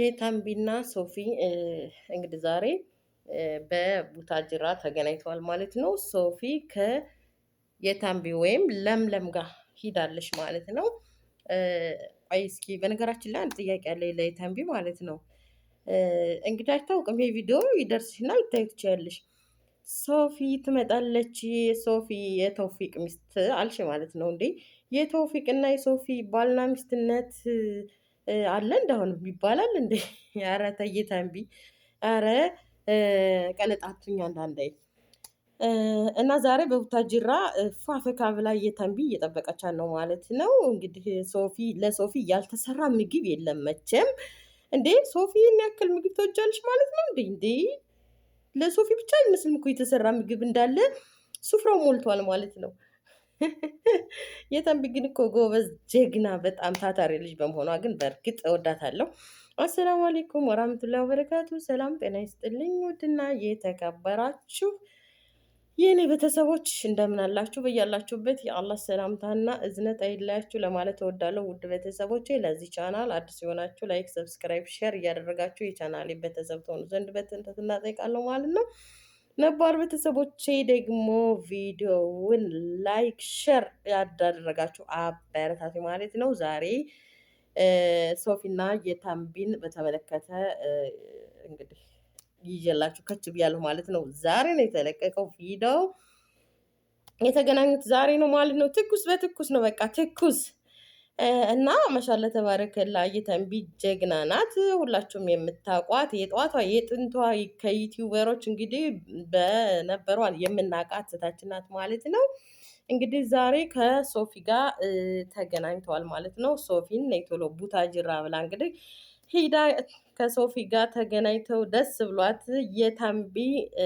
የታምቢና ሶፊ እንግዲህ ዛሬ በቡታጅራ ተገናኝተዋል ማለት ነው። ሶፊ ከየታምቢ ወይም ለምለም ጋር ሂዳለች ማለት ነው። አይ እስኪ በነገራችን ላይ አንድ ጥያቄ ያለ ለየታምቢ ማለት ነው። እንግዲህ አይታወቅም፣ ይሄ ቪዲዮ ይደርስሽና ልታይ ትችያለሽ። ሶፊ ትመጣለች። ሶፊ የተውፊቅ ሚስት አልሽ ማለት ነው እንዴ? የተውፊቅና የሶፊ ባልና ሚስትነት አለ እንደአሁንም ይባላል እንዴ? ኧረ ተይ ተንቢ፣ ኧረ ቀለጣቱኝ አንዳንዴ። እና ዛሬ በቡታጅራ ፋፈካ ብላ እየተንቢ እየጠበቀቻት ነው ማለት ነው። እንግዲህ ሶፊ ለሶፊ ያልተሰራ ምግብ የለም መቼም። እንዴ ሶፊ ያክል ምግብ ተወጃለች ማለት ነው እንዴ? እንዴ ለሶፊ ብቻ አይመስልም እኮ የተሰራ ምግብ እንዳለ ሱፍራው ሞልቷል ማለት ነው። የተንቢ ግን እኮ ጎበዝ ጀግና፣ በጣም ታታሪ ልጅ በመሆኗ ግን በእርግጥ እወዳታለሁ። አሰላሙ አሌይኩም ወራህመቱላ ወበረካቱ። ሰላም ጤና ይስጥልኝ። ውድና የተከበራችሁ የእኔ ቤተሰቦች እንደምን አላችሁ? በያላችሁበት የአላህ ሰላምታና እዝነት አይለያችሁ ለማለት እወዳለሁ። ውድ ቤተሰቦች ለዚህ ቻናል አዲስ የሆናችሁ ላይክ፣ ሰብስክራይብ፣ ሼር እያደረጋችሁ የቻናሌ ቤተሰብ ትሆኑ ዘንድ በትህትና እጠይቃለሁ ማለት ነው። ነባር ቤተሰቦቼ ደግሞ ቪዲዮውን ላይክ፣ ሸር ያዳደረጋችሁ አበረታቱ ማለት ነው። ዛሬ ሶፊና የታምቢን በተመለከተ እንግዲህ ይዤላችሁ ከች ብያለሁ ማለት ነው። ዛሬ ነው የተለቀቀው ቪዲዮ የተገናኙት ዛሬ ነው ማለት ነው። ትኩስ በትኩስ ነው በቃ ትኩስ እና ማሻላ ተባረከላ እየተንቢ ጀግና ናት። ሁላችሁም የምታውቋት የጠዋቷ የጥንቷ ከዩቲዩበሮች እንግዲህ በነበሯ የምናውቃት እህታችን ናት ማለት ነው። እንግዲህ ዛሬ ከሶፊ ጋር ተገናኝተዋል ማለት ነው። ሶፊን ቶሎ ቡታጅራ ብላ እንግዲህ ሂዳ ከሶፊ ጋር ተገናኝተው ደስ ብሏት የተንቢ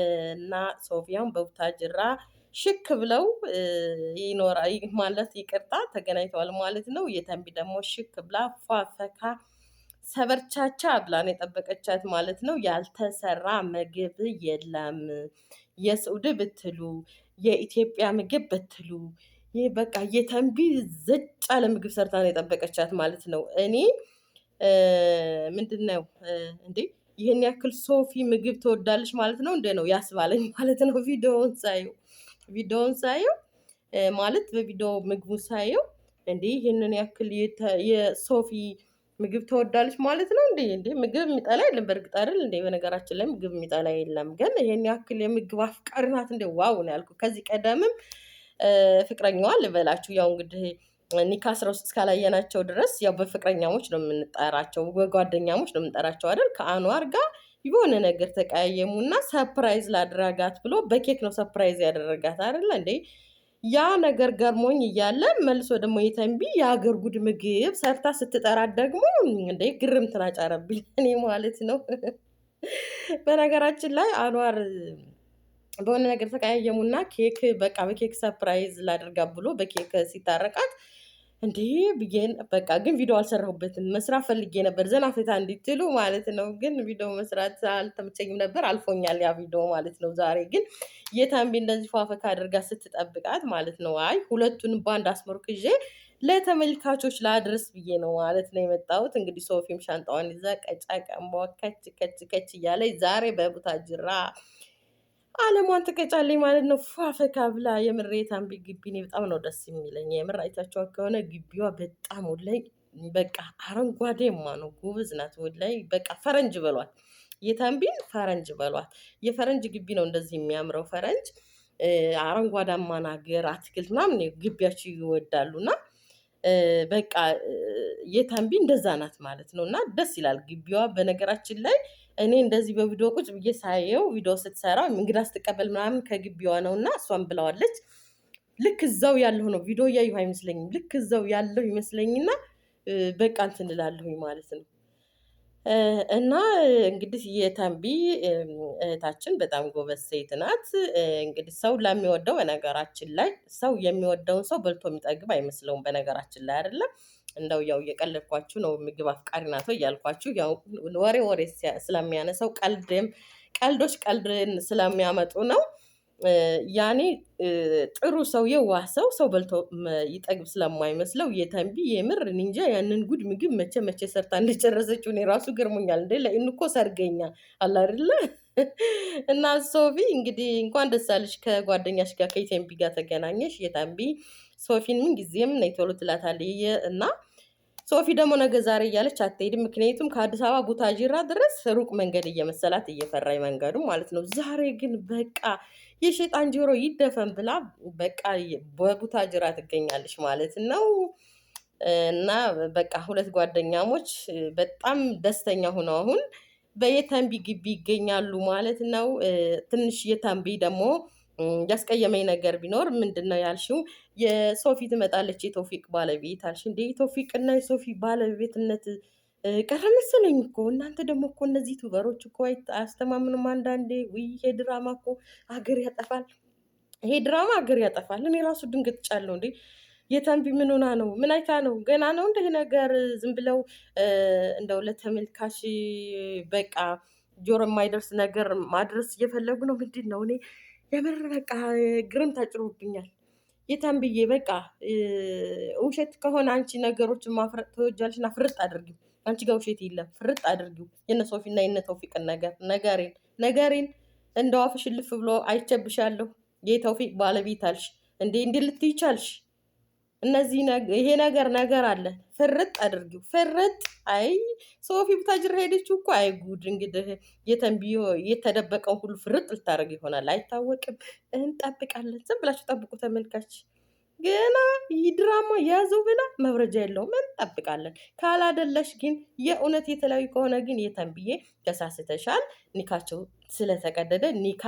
እና ሶፊያን በቡታጅራ ሽክ ብለው ይኖራ ማለት ይቅርታ ተገናኝተዋል ማለት ነው። የተንቢ ደግሞ ሽክ ብላ ፏፈካ ሰበርቻቻ ብላን የጠበቀቻት ማለት ነው። ያልተሰራ ምግብ የለም። የስዑድ ብትሉ የኢትዮጵያ ምግብ ብትሉ ይህ በቃ የተንቢ ዘጭ ያለ ምግብ ሰርታን የጠበቀቻት ማለት ነው። እኔ ምንድን ነው እንዴ ይህን ያክል ሶፊ ምግብ ትወዳለች ማለት ነው እንደ ነው ያስባለኝ ማለት ነው ቪዲዮውን ሳየው ቪዲዮውን ሳየው ማለት በቪዲዮ ምግቡ ሳየው እንዴ ይህንን ያክል የሶፊ ምግብ ተወዳለች ማለት ነው እንዴ? እንዴ ምግብ የሚጠላ የለም በእርግጥ አይደል እንዴ? በነገራችን ላይ ምግብ የሚጠላ የለም፣ ግን ይህን ያክል የምግብ አፍቃሪ ናት እንዴ? ዋው ነው ያልኩ። ከዚህ ቀደምም ፍቅረኛዋ ልበላችሁ ያው እንግዲህ ኒካ ስራ ውስጥ እስካላየናቸው ድረስ ያው በፍቅረኛሞች ነው የምንጠራቸው፣ በጓደኛሞች ነው የምንጠራቸው አይደል ከአኗር ጋር የሆነ ነገር እና ሰፕራይዝ ላድረጋት ብሎ በኬክ ነው ሰፕራይዝ ያደረጋት አይደለ እንዴ? ያ ነገር ገርሞኝ እያለ መልሶ ደግሞ የተንቢ የአገር ጉድ ምግብ ሰርታ ስትጠራት ደግሞ እንደ ግርም ትናጫረብኝ እኔ ማለት ነው። በነገራችን ላይ አኗር በሆነ ነገር ተቀያየሙና ኬክ በቃ በኬክ ሰርፕራይዝ ላደርጋ ብሎ በኬክ ሲታረቃት እንዲህ ብዬን በቃ ግን ቪዲዮ አልሰራሁበትም። መስራት ፈልጌ ነበር ዘና ፈታ እንዲትሉ ማለት ነው። ግን ቪዲዮ መስራት አልተመቸኝም ነበር አልፎኛል ያ ቪዲዮ ማለት ነው። ዛሬ ግን የታንቢ እንደዚህ ፏፈካ አድርጋ ስትጠብቃት ማለት ነው። አይ ሁለቱን ባንድ አስመርኩ ይዤ ለተመልካቾች ላድርስ ብዬ ነው ማለት ነው የመጣሁት። እንግዲህ ሶፊም ሻንጣዋን ይዛ ቀጫ ቀንቧ ከች ከች ከች እያለች ዛሬ በቡታጅራ አለሟን ትቀጫለኝ ማለት ነው። ፏፈካ ብላ የምሬታን አንቢ ግቢ እኔ በጣም ነው ደስ የሚለኝ። የምር ከሆነ ግቢዋ በጣም ላይ በቃ አረንጓዴማ ነው። ጉብዝ ናት። ላይ በቃ ፈረንጅ በሏት፣ የታንቢን ፈረንጅ በሏት። የፈረንጅ ግቢ ነው እንደዚህ የሚያምረው ፈረንጅ አረንጓዳማ ናገር አትክልት ምናምን ግቢያቸው ይወዳሉ እና በቃ የታንቢ እንደዛ ናት ማለት ነው። እና ደስ ይላል ግቢዋ በነገራችን ላይ እኔ እንደዚህ በቪዲዮ ቁጭ ብዬ ሳየው ቪዲዮ ስትሰራ እንግዳ ስትቀበል ምናምን ከግቢዋ ነው እና እሷም ብለዋለች። ልክ እዛው ያለሁ ነው ቪዲዮ እያየሁ አይመስለኝም። ልክ እዛው ያለሁ ይመስለኝና በቃ እንትን እላለሁኝ ማለት ነው። እና እንግዲህ የተንቢ እህታችን በጣም ጎበዝ ሴት ናት። እንግዲህ ሰው ለሚወደው በነገራችን ላይ ሰው የሚወደውን ሰው በልቶ የሚጠግብ አይመስለውም። በነገራችን ላይ አይደለም እንደው ያው እየቀለድኳችሁ ነው። ምግብ አፍቃሪ ናቶ እያልኳችሁ ያው ወሬ ወሬ ስለሚያነሰው ቀልድም ቀልዶች ቀልድን ስለሚያመጡ ነው። ያኔ ጥሩ ሰው የዋ ሰው ሰው በልቶ ይጠግብ ስለማይመስለው የተንቢ የምር እንጃ ያንን ጉድ ምግብ መቼ መቼ ሰርታ እንደጨረሰችው እኔ ራሱ ገርሞኛል። እንደ ለእንኮ ሰርገኛ አላደለ እና ሶፊ እንግዲህ እንኳን ደስ አለሽ ከጓደኛሽ ጋር ከኢቴምቢ ጋር ተገናኘሽ። የታምቢ ሶፊን ምን ጊዜም ነይ ቶሎ ትላታለች እና ሶፊ ደግሞ ነገ ዛሬ እያለች አትሄድም። ምክንያቱም ከአዲስ አበባ ቡታጅራ ድረስ ሩቅ መንገድ እየመሰላት እየፈራ መንገዱ ማለት ነው። ዛሬ ግን በቃ የሸጣን ጆሮ ይደፈን ብላ በቃ በቡታጅራ ትገኛለች ማለት ነው። እና በቃ ሁለት ጓደኛሞች በጣም ደስተኛ ሆነው አሁን በየተንቢ ግቢ ይገኛሉ ማለት ነው። ትንሽ የተንቢ ደግሞ ያስቀየመኝ ነገር ቢኖር ምንድን ነው ያልሽው? የሶፊ ትመጣለች የቶፊቅ ባለቤት አልሽ። እንደ የቶፊቅ እና የሶፊ ባለቤትነት ቀረ መሰለኝ እኮ። እናንተ ደግሞ እኮ እነዚህ ቱበሮች እኮ አያስተማምንም። አንዳንዴ ውይ ይሄ ድራማ እኮ አገር ያጠፋል። ይሄ ድራማ አገር ያጠፋል። እኔ ራሱ ድንገት ጫለው እንዴ የተንቢ ምን ሆና ነው? ምን አይታ ነው? ገና ነው እንደዚህ ነገር ዝም ብለው እንደው ለተመልካች በቃ ጆሮ የማይደርስ ነገር ማድረስ እየፈለጉ ነው። ምንድን ነው? እኔ የምር በቃ ግርም ታጭሩብኛል። ብዬ በቃ ውሸት ከሆነ አንቺ ነገሮችን ማፍረጥ ተወጃልሽና ፍርጥ አድርጊው። አንቺ ጋር ውሸት የለም፣ ፍርጥ አድርጊው። የነ ሶፊና ነገር ነገሬን ነገሬን እንደዋፍ ሽልፍ ብሎ አይቸብሻለሁ። የተውፊቅ ባለቤት አልሽ እንዴ? እንዴ ልትይቻልሽ እነዚህ ይሄ ነገር ነገር አለ። ፍርጥ አድርጊው ፍርጥ። አይ ሶፊ ብታጅር ሄደች እኮ አይ ጉድ። እንግዲህ የተንቢ የተደበቀውን ሁሉ ፍርጥ ልታደርግ ይሆናል፣ አይታወቅም። እንጠብቃለን። ዝም ብላችሁ ጠብቁ ተመልካች። ገና ድራማ የያዘው ብላ መብረጃ የለውም። እንጠብቃለን። ካላደለሽ ግን የእውነት የተለያዩ ከሆነ ግን የተንብዬ ተሳስተሻል። ኒካቸው ስለተቀደደ ኒካ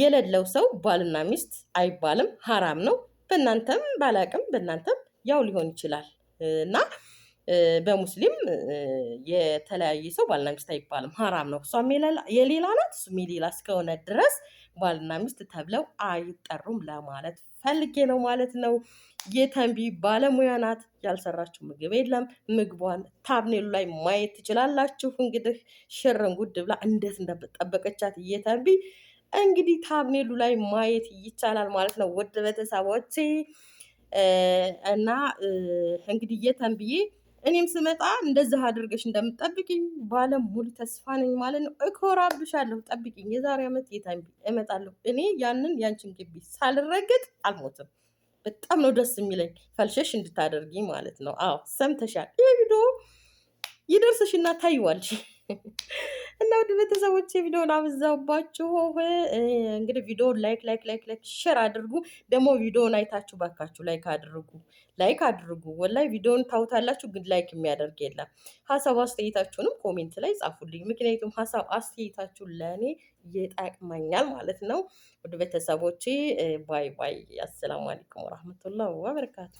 የሌለው ሰው ባልና ሚስት አይባልም፣ ሀራም ነው። በእናንተም ባላቅም በእናንተም ያው ሊሆን ይችላል እና በሙስሊም የተለያየ ሰው ባልና ሚስት አይባልም፣ ሀራም ነው። እሷም የሌላ ናት እሱም የሌላ እስከሆነ ድረስ ባልና ሚስት ተብለው አይጠሩም ለማለት ፈልጌ ነው ማለት ነው። የተንቢ ባለሙያ ናት። ያልሰራችው ምግብ የለም። ምግቧን ታብኔሉ ላይ ማየት ትችላላችሁ። እንግዲህ ሽርን ጉድ ብላ እንዴት እንደጠበቀቻት የተንቢ እንግዲህ ታብኔሉ ላይ ማየት ይቻላል ማለት ነው ውድ ቤተሰቦቼ። እና እንግዲህ የተንብዬ እኔም ስመጣ እንደዚህ አድርገሽ እንደምጠብቅኝ ባለም ሙሉ ተስፋ ነኝ ማለት ነው። እኮራብሻለሁ፣ ጠብቅኝ። የዛሬ ዓመት የተንቢ እመጣለሁ። እኔ ያንን ያንቺን ግቢ ሳልረግጥ አልሞትም። በጣም ነው ደስ የሚለኝ ፈልሸሽ እንድታደርጊ ማለት ነው። አዎ ሰምተሻል። ይህ ቪዲዮ ይደርስሽና ታይዋልሽ። እና ውድ ቤተሰቦች ቪዲዮን አብዛባችሁ። እንግዲህ ቪዲዮን ላይክ ላይክ ላይክ ላይክ ሼር አድርጉ። ደግሞ ቪዲዮን አይታችሁ ባካችሁ ላይክ አድርጉ፣ ላይክ አድርጉ። ወላይ ቪዲዮን ታውታላችሁ፣ ግን ላይክ የሚያደርግ የለም። ሀሳብ አስተያየታችሁንም ኮሜንት ላይ ጻፉልኝ። ምክንያቱም ሀሳብ አስተያየታችሁ ለእኔ ይጠቅመኛል ማለት ነው። ውድ ቤተሰቦች ባይ ባይ። አሰላሙ አለይኩም ወራህመቱላህ ወበረካቱ።